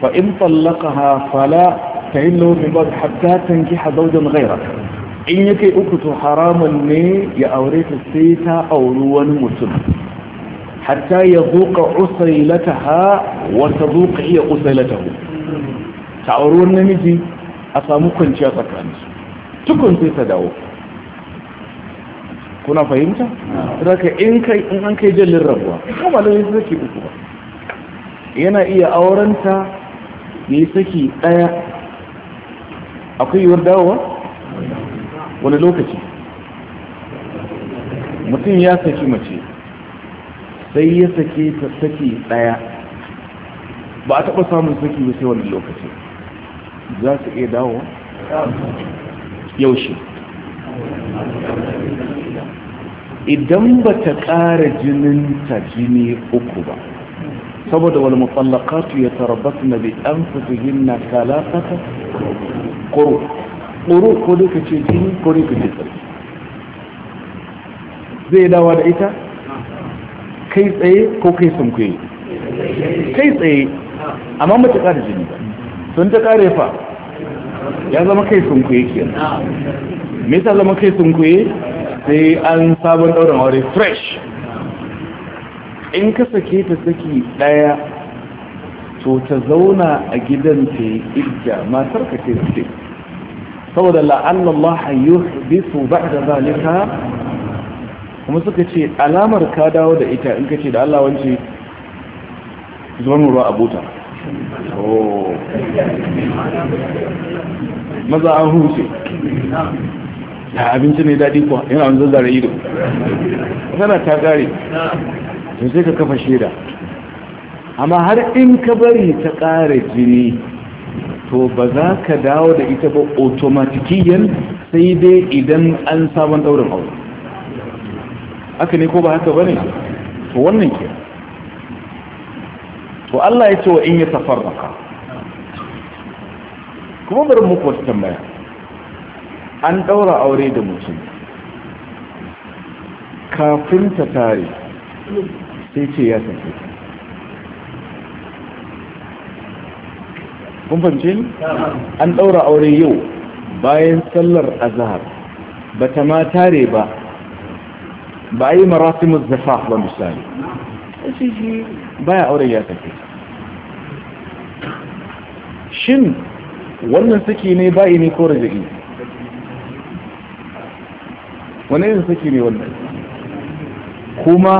fa in tallaqaha fala tahillu min ba'd hatta tankiha zawjan ghayra in yake uku to haramun ne ya aure ta sai ta auri wani mutum hatta ya zuka usailataha wa ta zuka iya usailatahu ta auri wani namiji a samu kwanciya tsakaninsu tukun sai ta dawo kuna fahimta? zaka in an kai jallin rabuwa kuma da yanzu zake uku ba yana iya aurenta ne saki ɗaya akwai yiwuwar dawowa wani lokaci mutum ya saki mace sai ya sake ta saki ɗaya ba a taɓa samun saki ba sai wani lokaci za su iya dawowa yaushe idan ba ta ƙara jininta jini uku ba saboda wani wal mutallaqatu na bi anfusihinna thalathata quru quru ko duka ce jini ko duka ce zai dawa da ita kai tsaye ko kai sunkuye kai tsaye amma mace ƙara jini ba sun ta ƙare fa ya zama kai sunkuye ke me ta zama kai sunkuye sai an sabon ɗaurin aure fresh in ka sake ta saki daya to ta zauna a gidan ta yi idda matar ka ce ce saboda la'alla Allah yuhbisu ba'da zalika kuma suka ce alamar ka dawo da ita in ka ce da Allah wance zuwa mu a abota oh. maza an huce ta abinci ne daɗi kuwa yana wanzan zare ido tana ta gare to sai ka kafa shaida amma har in ka bari ta ƙara jini to ba za ka dawo da ita ba otomatikiyan sai dai idan an sabon ɗaurin aure haka ne ko ba haka ba ne to wannan ke to Allah ya ce wa in ya tafarraka kuma bari muku ta tambaya an ɗaura aure da mutum kafin ta tare sai ce ya sake kun fahimci ni an ɗaura aure yau bayan sallar azhar ba ta ma tare ba ba a yi marasimus zafa ba misali shi shi baya aure ya tafi? shin wannan saki ne ba'i ne ko raja'i wani irin saki ne wannan kuma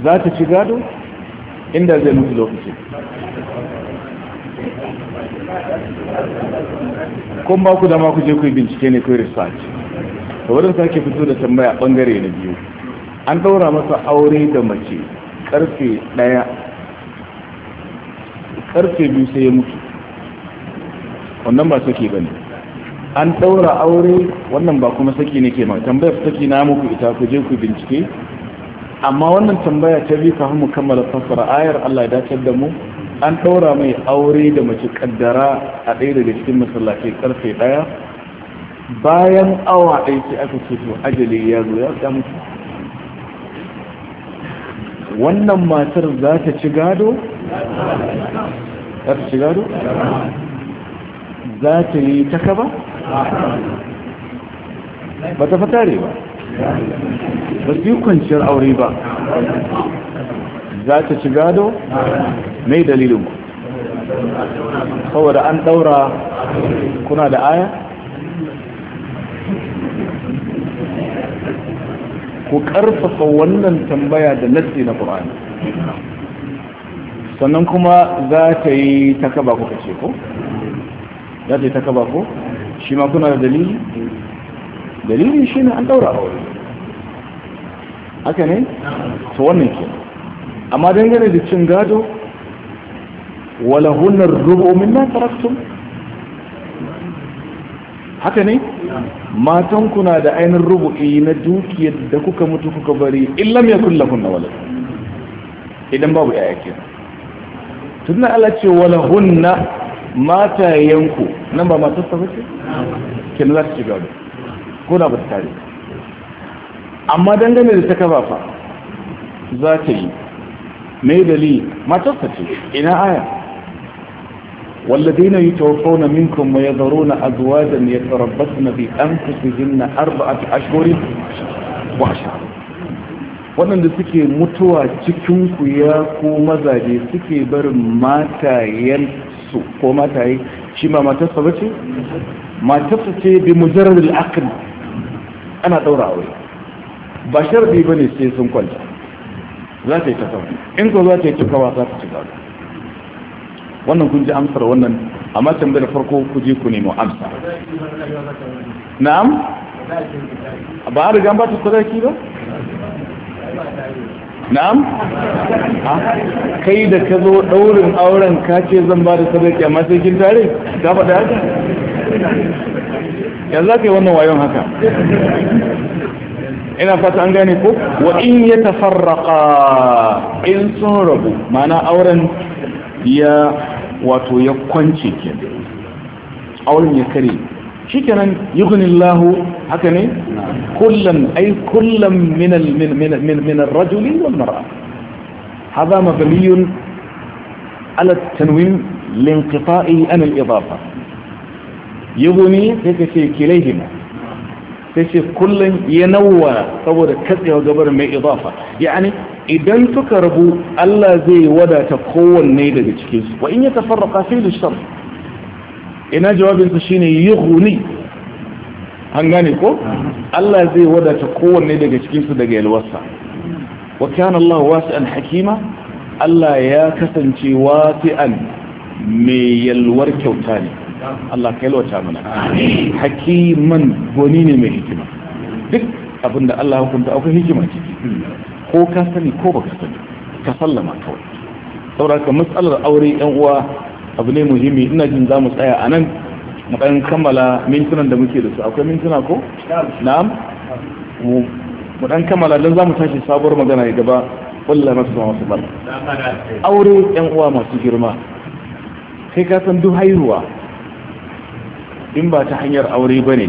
za ta ci gado inda zai mutu lokaci kun ba ku dama ku je ku yi bincike ne ku yi research to wadda sake fito da tambaya bangare na biyu an daura masa aure da mace karfe daya karfe biyu sai ya mutu wannan ba sake bane an daura aure wannan ba kuma saki ne ke ma tambayar saki na muku ita ku je ku bincike amma wannan tambaya ta ka kafin mu kammala fassara ayar Allah ya datar da mu an ɗaura mai aure da mace ƙaddara a ɗaya daga cikin masallaci karfe ɗaya bayan awa ɗaya sai aka ce to ajali ya zo ya ga mutu wannan matar za ta ci gado za ta ci za ta yi takaba ba ta fatare ba ba su yi kwanciyar aure ba za ta ci gado mai dalilin saboda an daura kuna da aya ku karfafa wannan tambaya da nassi na ƙur'ani sannan kuma za ta yi takaba ku kace ko za ta yi takaba ku shi ma kuna da dalili dalilin shi ne an daura aure haka ne to wannan ke amma dangane da cin gado wala hunar rubu min na taraktum haka ne matan kuna da ainihin rubu'i na dukiyar da kuka mutu kuka bari illam ya kulla kunna wala idan babu yaya Tun tunan Allah ce wala hunna matayenku nan ba matasta wace? kenan za su ci gado ko na bata ta amma dangane da ta kafafa za ta yi mai dalili matarsa ce ina aya والذين يتوفون منكم ويذرون أزواجا يتربصن بأنفسهن أربعة أشهر وعشرة waɗanda suke mutuwa cikinku ya ko mazaje suke barin matayensu ko mataye shi matarsa ba ce? matarsa ce bi mujarar ana ɗaura aure ba sharbi ba ne sai sun kwanta za ta yi ta sauri. in ko za ta yi cikawa za ta ci gaba wannan kun ji amsar wannan amma tambayar farko ku je ku nemo amsa na'am ba a riga ba ta sadaki ba na'am kai da ka zo ɗaurin auren ka ce zan ba da sadaki amma sai kin tare ka faɗa yanzu za ka yi wannan wayon haka ina fata an gane ko wa in ya tafarraka in sun rabu mana auren ya wato ya kwance ke auren ya kare shi kenan yugunillahu haka ne kullum ai kullum minan rajuli wal mar'a هذا مبني على التنوين لانقطائه عن الإضافة yubuni sai ka ce kilaihima sai ce kullum ya nawa saboda katsewa gabar mai idafa yani idan suka rabu Allah zai wadata kowanne daga cikin su wa in ya tafarraqa kafin al shan, ina jawabin shine yi an gane ko Allah zai wadata kowanne daga cikin su daga yalwarsa wa kana Allah wasi'an hakima Allah ya kasance wasi'an mai yalwar kyauta ne Allah ka yalwata mana hakiman goni ne mai hikima duk abin da Allah hukunta akwai hikima ciki ko ka sani ko baka sani ka sallama kawai saboda matsalar aure yan uwa abu ne muhimmi ina jin za mu tsaya a nan mu ɗan kammala mintunan da muke da su akwai mintuna ko na'am mu ɗan kammala don za mu tashi sabuwar magana ya gaba wallah masu zama masu bala aure yan uwa masu girma kai ka san duk haihuwa in ba ta hanyar aure ba ne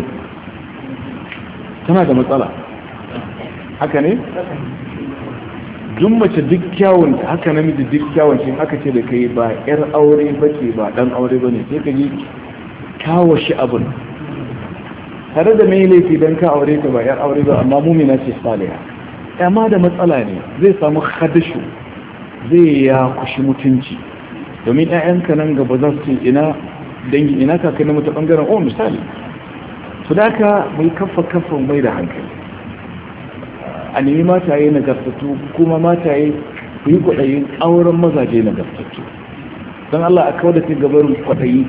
tana da matsala haka ne? duk mace duk kyawun haka namiji duk kyawun shi haka ce da kai ba yar aure ba ce ba dan aure ba ne sai ka ji kawo shi abin tare da mai laifi don ka aure ta ba yar aure ba amma na ce saliya amma da matsala ne zai samu hadashu zai ya kushi mutunci domin 'ya'yanka nan gaba za su ina dangin ina na mata bangaren o oh, misali su da ka mai kafa kafa mai da hankali a nemi mataye na gasattu kuma mataye ku yi kwaɗayin auren mazaje na don allah a kawar da ta gabar kwaɗayi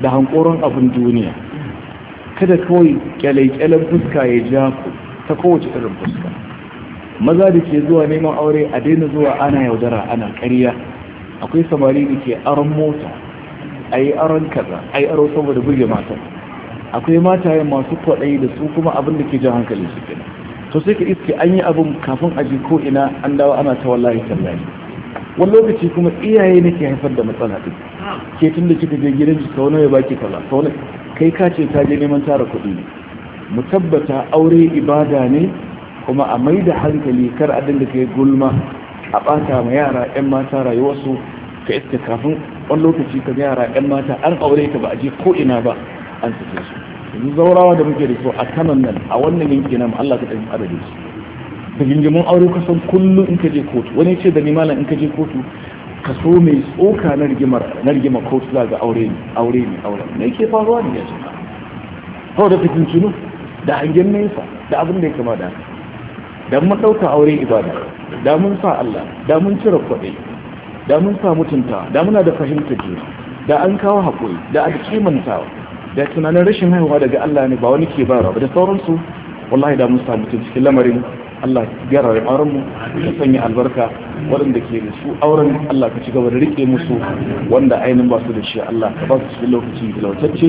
da hankoron abin duniya kada kawai kyalai-kyalan fuska ya ja ku ta kowace irin fuska maza da ke zuwa neman aure a daina zuwa ana yaudara ana ƙarya akwai samari da ke aron mota a yi aron kaza a yi aro saboda burge matan akwai mataye masu kwaɗayi da su kuma abin da ke jan hankali su ke. to sai ka iske an yi abin kafin a ji ko ina an dawo ana ta wallahi tallahi wani lokaci kuma iyaye nake ke haifar da matsala ɗin ke tun da kika je gidan ki wani ya baki kaza sau kai ka ce ta je neman tara kuɗi ne mu tabbata aure ibada ne kuma a mai da hankali kar a dinga kai gulma a ɓata ma yara 'yan mata rayuwarsu ka iska kafin wani lokaci ka yara yan mata an aure ka ba a je ko ina ba an sake su yanzu zaurawa da muke da su a kanan nan a wannan yanki nan Allah ka ɗauki adadin su da gingimin aure kusan kullum in ka je kotu wani ce da malam in ka je kotu ka so mai tsoka na rigimar na rigimar kotu za ga aure ne aure ne aure ne yake faruwa ne ya ce kawai da fitin tunu da hangen nesa da abin da ya kama da da mun ɗauka aure ibada da mun sa Allah da mun cire kuɗi da mun samu mutunta. da muna da fahimta ji da an kawo hakuri. da an kimanta. da tunanin rashin haihuwa daga Allah ne ba wani ke ba ba da sauransu wallahi da mun samu tun cikin lamarin Allah ya gyara auren mu ya sanya albarka waɗanda ke da su auren Allah ka ci gaba da rike musu wanda ainihin ba su da shi Allah ka ba su cikin lokaci lautacce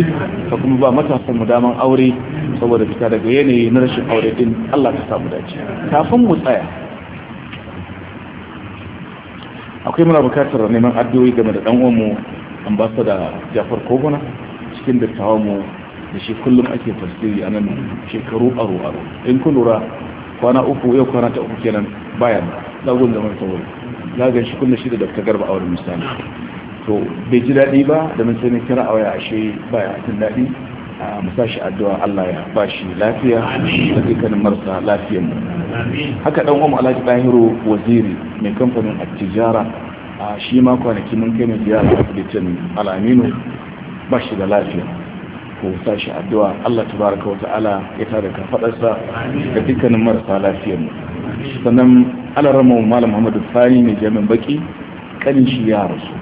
ka kuma ba matasan mu daman aure saboda fita daga yanayi na rashin aure din Allah ka samu dace kafin mu tsaya akwai muna bukatar neman addu'o'i game da dan uwanmu ambassador Jafar koguna cikin dattawan mu da shi kullum ake tafsiri a nan shekaru aro aro in kun lura kwana uku yau kwana ta uku kenan bayan lagun da mai tsawon lagun shi kullum shi da dr garba a misali to bai ji daɗi ba da mun sani kira a waya ashe baya jin daɗi a sashi addu'a Allah ya bashi lafiya da dukkanin marasa lafiyar mu haka ɗan uwan Alhaji Ɗahiro waziri mai kamfanin Attijara shi ma kwanaki mun kai mai ziyara asibitin Alaminu shi da lafiya ko sashi addu'a Allah wata ala ya tada da kafaɗarsa da dukkanin marasa lafiyar mu sannan alarama malam Muhammadu Fani mai jami'in baki kanin shi ya rasu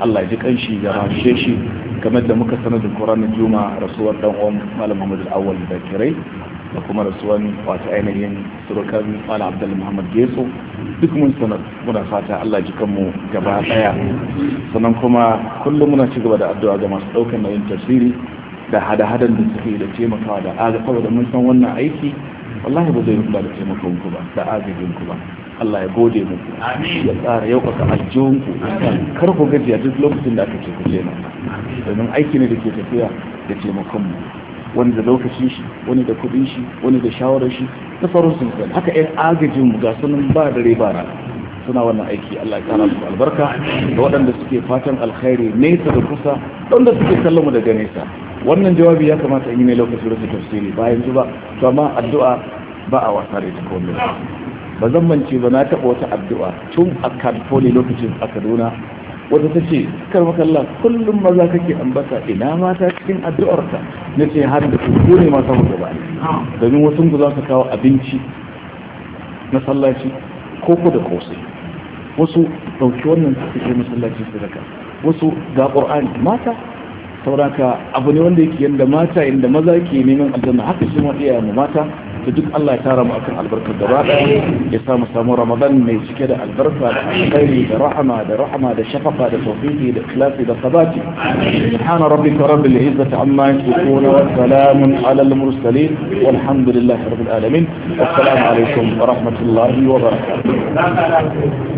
Allah ya ji kanshi ya rashe shi kamar da muka sanar da ƙoran juma rasuwar dan uwan malam muhammad al da kirai da kuma rasuwar wata ainihin surukan malam abdul muhammad geso duk mun sanar muna fata allah ji kanmu gaba ɗaya sannan kuma kullum muna ci gaba da addu'a ga masu ɗaukar nauyin tasiri da hada-hadan da suke da taimakawa da da mun san wannan aiki wallahi ba zai rubuta da taimakon ku ba da agajin ku ba Allah ya gode mu ya tsara yau yaukaka aljihunku kar ku gajiya duk lokacin da aka ce ku je domin aiki ne da ke tafiya da taimakon mu wani da lokacin shi wani da kudin shi wani da shawarar shi na faru sun kai haka yan agajin mu ga sunan ba dare ba na suna wannan aiki Allah ya kara musu albarka da waɗanda suke fatan alkhairi nesa da kusa waɗanda suke kallon mu daga nesa wannan jawabi ya kamata in yi ne lokacin rasu tafsiri bayan zuba to amma addu'a ba a wasa da ita komai ba zan mance ba na taɓa wata addu'a tun a california lokacin a kaduna wata ta ce makalla kullum maza kake ambata ina mata cikin addu'arka na ce har da ku ne mata mu gaba ne domin wasu ku za ka kawo abinci na sallaci ko ku da kosai wasu ɗauki wannan su ke masallaci sadaka wasu ga ƙur'ani mata sauraka abu ne wanda yake yadda mata yadda maza ke neman aljanna haka shi ma iyayen mata to duk Allah ya tara mu akan albarkar gaba daya ya samu samu Ramadan mai cike da albarka da alkhairi da rahama da rahama da shafaqa da tawfiqi da ikhlasi da sabati subhana rabbika rabbil izzati amma yasifun wa salamun ala al mursalin walhamdulillahi rabbil alamin assalamu alaikum wa rahmatullahi wa barakatuh